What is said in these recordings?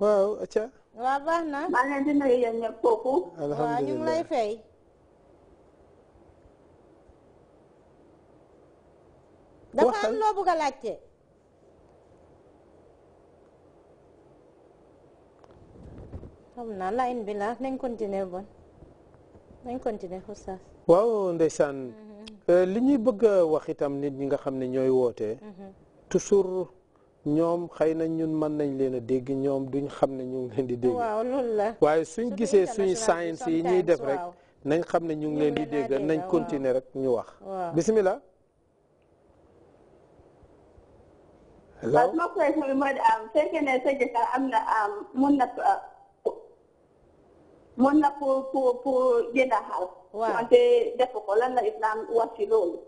waaw acca waaw baax na maa ngi leen di nuyu yéen ñëpp foofu waaw ñu ngi lay fay dafa am loo bëgg a laajte xam naa line bi continue nañ continuer bon nañ continuer oustaz waaw ndeysaan mhm. eh, li ñuy bëgg a wax itam nit ñi nga xam ne ñooy woote mhm. toujours ñoom xëy na ñun mën nañ leen a dégg ñoom duñ xam ne ñu ngi leen di dégg waaye suñ gisee suñ science yi ñuy def rek nañ xam ne ñu ngi leen di dégg nañ continuer rek ñu wax bismillah hello ma ne sa jëkkër am na am mun na na pour pour pour jënd xal wante def ko lan la islam wax ci loolu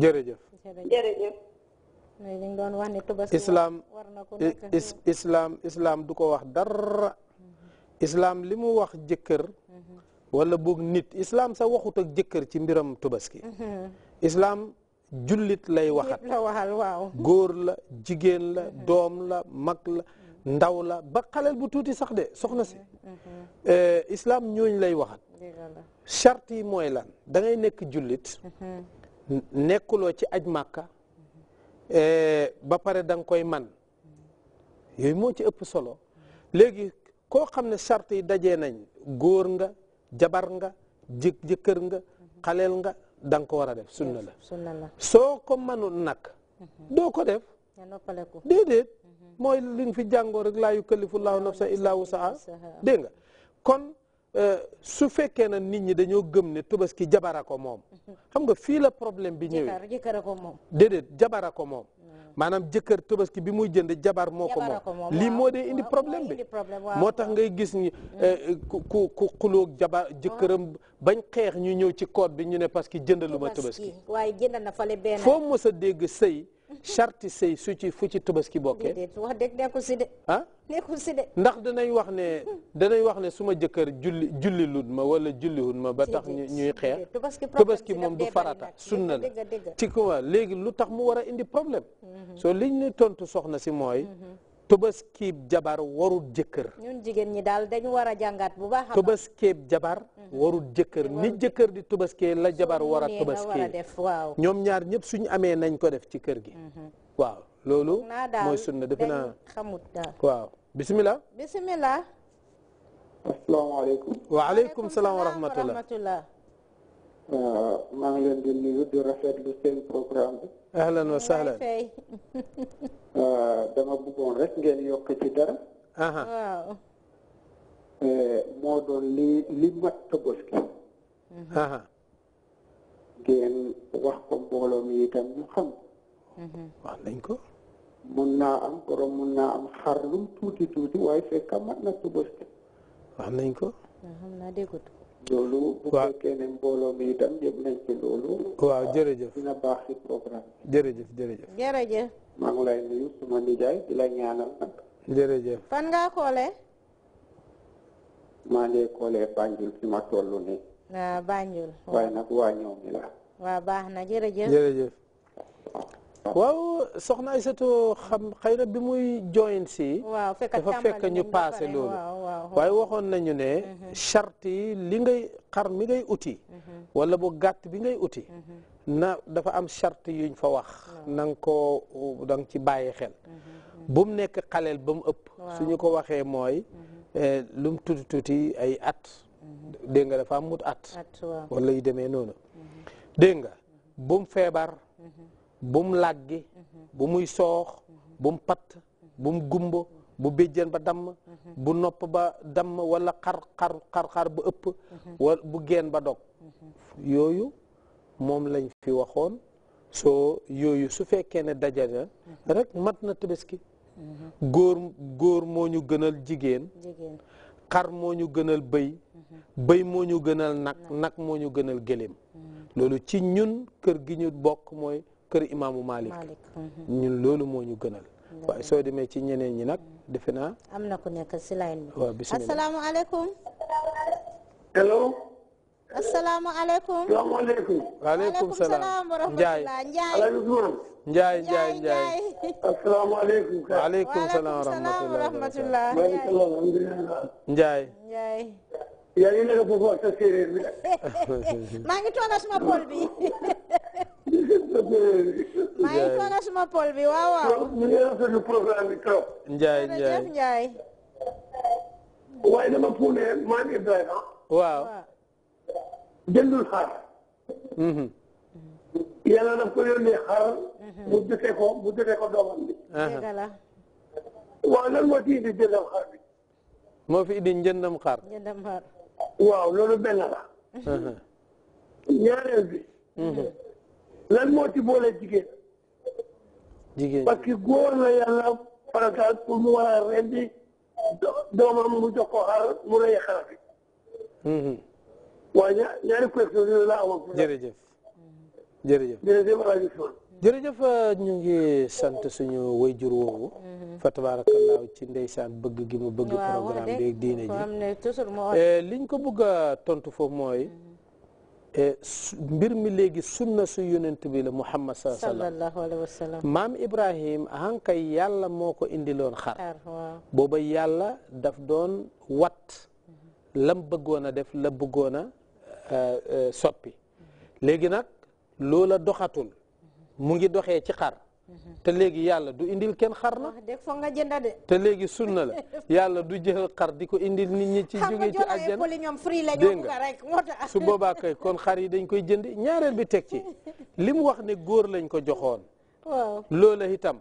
jërëjëf jërëjëf islaam islaam islaam du ko wax dara islaam li mu wax jëkkër wala boog nit islaam sa waxut ak jëkkër ci mbiram tubaski islaam jullit lay waxat góor la jigéen la doom la mag la ndaw la ba xaleel bu tuuti sax de soxna si eh, islam ñooñ lay waxat charte yi mooy lan dangay nekk jullit mhm. nekkuloo ci aj màkka Eh, ba pare da koy man yooyu moo ci ëpp solo léegi koo xam ne charte yi dajee nañ góor nga jabar nga jë jëkkër nga xaleel nga dang ko war a def sunna la soo ko manul nag mhm. doo ko def déedéet mhm. mooy li fi jàngoo rek laa yukallifu llaahu nafsan illaa wusaha nga kon Euh, su fekkee na nit ñi dañoo gëm ne tabaski jabara ko moom xam nga fii la problème bi ñëwee jëkkër ko moom déedéet jabara ko moom maanaam jëkkër tabaski bi muy jënd jabar moo ko moom lii moo dee indi problème bi moo tax ngay gis ni mm. euh, ku ku xulóog jabar ah. jëkkëram bañ xeex ñu ñëw ci code bi ñu ne parce que jëndalu ma tabaski waaye jënd na fale benn foo mos a dégg sëy charte sëy su ci fu ci tabaski bokkee wax dëgg nekkul si de ah nekkul si ndax danay wax ne hmm. danay wax ne suma jëkkër julli julli lut ma wala julliwut ma ba tax ñuy xeex tabaski moom du farata sunna la ci quoi léegi lu tax mu war a indi problème mhm. soo liñ ne tontu soxna si mooy mhm. tëbëskiib jabar warut jëkkër. ñun jigéen ñi daal dañu war a jàngat bu baax a baax. tëbëskiib jabar. Mhm. warul jëkkër ni jëkkër di tëbëskee la jabar war a ñoom ñaar ñëpp suñu amee nañ ko def ci kër gi. Mhm. waaw loolu. mooy sunna defe naa waaw bisimilah. bisimilah. asalaamaaleykum. waaleykum salaam wa rahmatulah. Euh, maa ngi leen di nuyu di rafetlu seen programme bi. ahlan wa sahlan. Euh, dama bëggoon rek ngeen yokk ci dara. waaw. Euh, moo doon li li mat tabaski. Mhm. ngeen wax ko mbooloo mi itam ñu xam. Mhm. wax nañ ko. mun naa am borom mun naa am xar lu tuuti tuuti waaye fekk mat na tabaski. wax nañ ko. loolu bu fekkee ne mbooloo mi itam yëpp nañ ci loolu waaw jërëjëf dina jërëjëf jërëjëf jërëjëf maa ngi lay nuyu suma nijaay di la ñaanal nag jërëjëf fan ngaa koolee maa ngi koolee Banjul fi ma toll nii waaw Banjul waaye nag waa ñoom mi la waaw baax na jërëjëf jërëjëf waaw soxna Aysatu xam xëy na bi muy join si. waaw dafa fekk ñu paase loolu. waaye waxoon nañu ne. Mhm. charte yi li ngay xar mi ngay uti. Mhm. wala bu gàtt bi ngay uti. Mhm. na dafa am charte yuñ fa wax. na ko dang ci bàyyi xel. bu nekk xaleel ba mu ëpp. suñu ko waxee mooy. Eh, lu mu tuuti tuuti ay at. dégg nga dafa am mut at. wala yu demee noonu. dégg nga feebar. bu mu làggi mhm. bu muy soox mhm. bu mu patt bu bu béjjén ba damm mhm. bu nopp ba damm walla xar xar xar ba ëpp wala bu geen ba dog yooyu moom lañ fi waxoon soo yooyu su fekkee ne dajale rek mat na tabaski góor góor moo ñu gënal jigéen xar moo ñu gënal bëy bëy moo ñu gënal nag nag moo ñu gënal gëléem loolu ci ñun kër gi ñu bokk mooy kër imaamu Malik mhm. ñun loolu moo ñu gënal waaye soo demee ci ñeneen ñi nag mhm. defe naa am na ku nekk si line bi waaw bisimilah asalaamaaleykum hello asalaamaaleykum salaamaaleykum waaleykum salaam Njaay Njaay Njaay Njaay asalaamaaleykum waaleykum salaam wa rahmatullah Njaay Njaay yaa ngi nekk foofu ak sa séeréer bi maa ngi toola suma pol bi maa ngi sonal suma pol bi waaw waaw. ñu ngi rafetlu programme bi trop. Njaay Njaay waaw. jëndul xar. yàlla daf ko yónnee xar. mu jotee ko mu jotee ko doomam lan moo ci indi jëndam xar moo fi indi njëndam xar. waaw loolu benn la. ñaareel bi. lan moo ci boole jigéen. jigéen parce que góor la yàlla farataal pour mu war a rendi doomam mu jox ko xar mu rey xar bi. Mm-hmm. waaw ñaar ñaari question yooyu laa amoon. jërëjëf jërëjëf jërëjëf rajo Thion. jërëjëf ñu ngi sant suñu wayjur woowu. Mm-hmm. fa tabaarakallaahu ci ndeysaan bëgg gi mu bëgg. programme bi ak diine ji eh, liñ ko bëgg a tontu foofu mooy. Mm-hmm. E, mbir mi léegi sunna su yonent bi la muhammad sallallahu alayhi wa ibrahim hankay yàlla moo ko indiloon xar booba yàlla daf doon wat lam bëggoon a def la bëggoon a e, e, soppi léegi nag loola doxatul mu ngi doxee ci xar Mm-hmm. te léegi yàlla du indil kenn xar na te léegi sunna la yàlla du jël xar di ko indil nit ñi ci jóge ci àjjana dégg nga su boobaa kay kon xar yi dañ koy jënd ñaareel bi teg ci li mu wax ne góor lañ ko joxoon loola itam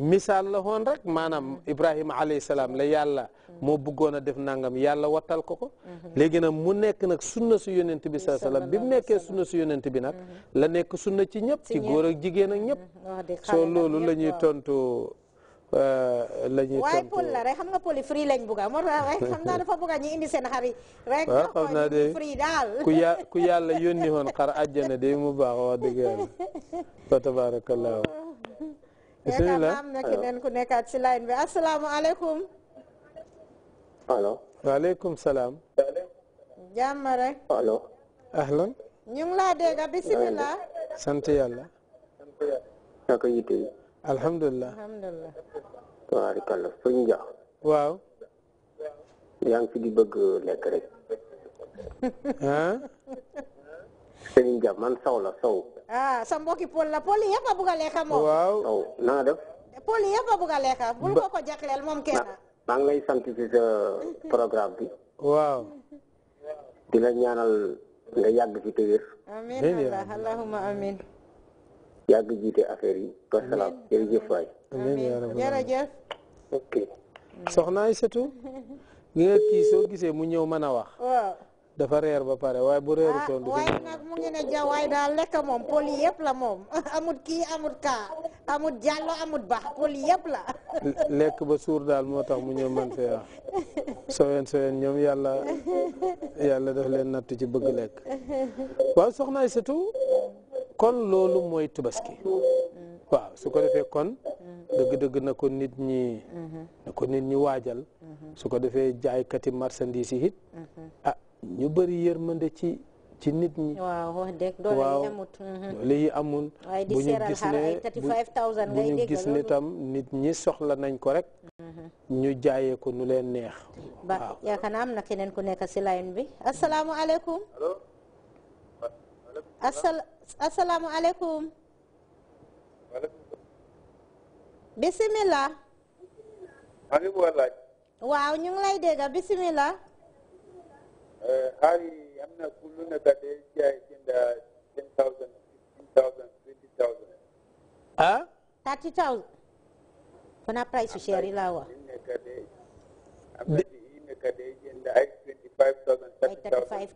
misaal la woon rek maanaam Ibrahima alayhi salaam la yàlla moo bëggoon a def nangam yàlla wattal ko ko léegi nag mu nekk nag sunna su yonent bi saa salaam bi mu sunna su yonent bi nag la nekk sunna ci ñëpp ci góor ak jigéen ak ñëpp mm-hmm. soo loolu la tontu euh, la tontu ah, ku yàlla yónni woon xar àjjana mu baax wax dëgg yàlla fa bisimilah am na ku nekkaat si line bi asalaamaaleykum. allo. waaleykum salaam. jàmm rek. allo. ahlan. laa dégg bisimilah. sant yàlla. naka alhamdulilah. waaw. yaa ngi di bëgg lekk rek. ah. Senja man saw la saw. Ah sa mbokki pol la pol yëpp a bugg a lekk moom. waaw na nga def. pol yëpp a bugg a lekk bul ko ko jagleel moom kenn. maa lay sant ci sa programme bi. waaw. di la ñaanal nga yàgg fi te wér. allah allahumma amiin. yàgg jiite affaire yi. wa salaam jërëjëf waay. amiin jërëjëf. Ya ya ok. soxna Aïssatou. nga kii soo gisee mu ñëw mën wax. waaw. dafa reer ba pare waaye bu reeru ah, toon du waaye daal lekk moom poli yëpp la moom amut kii amut kaa amut jàllo amut baax poli yëpp la lekk ba suur daal moo tax mu ñëw man fee sowen sowen ñoom yàlla yàlla daf leen natt ci bëgg lekk waaw soxnaay surtout kon loolu mooy tabaski waaw su ko defee kon dëgg-dëgg na ko nit ñi mm-hmm. na ko nit waajal mm-hmm. su ko defee jaaykati marchandise yi it ñu bëri yërmande ci ci nit ñi. waaw wax dëgg doole yi amut. doole yi amul. bu ñu gis ne bu ñu gis ne nit ñi soxla nañ ko rek. Mhm. ñu jaayee ko nu leen neex. ba yaakaar naa am na keneen ku nekk ci line bi asalaamualeykum. allo. asalaamualeykum. bisimilah. waaw ñu ngi lay dégg bisimilah. misali am na ku lu nekk day jaay jënd ten thousand fifteen thousand twenty thousand ah thirty thousand kuna price share la wa ay thirty five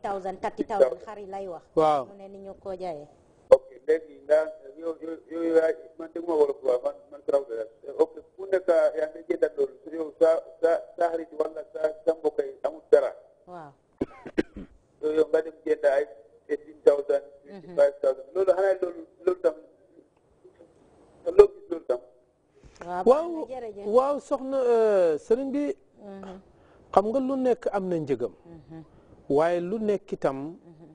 thousand thirty thousand xari lay wax waaw mu ne ni ñu ko jaayee ok léegi nga yow yow yow man dégg ma wolof waa man man traw de ok ku nekk yaa ngi jëndal loolu yow sa sa sa xarit wala sa sa mbokk yi amul dara waaw yooyu nga dem waaw soxna euh, sëriñ bi mhm. xam nga lu nekk am na njëgam mhm. waaye lu nekk itam mhm.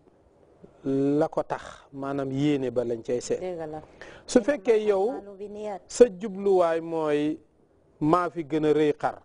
la ko tax maanaam yéene ba lañ cay seet su fekkee yow sa jubluwaay mooy maa fi gën a rëy xar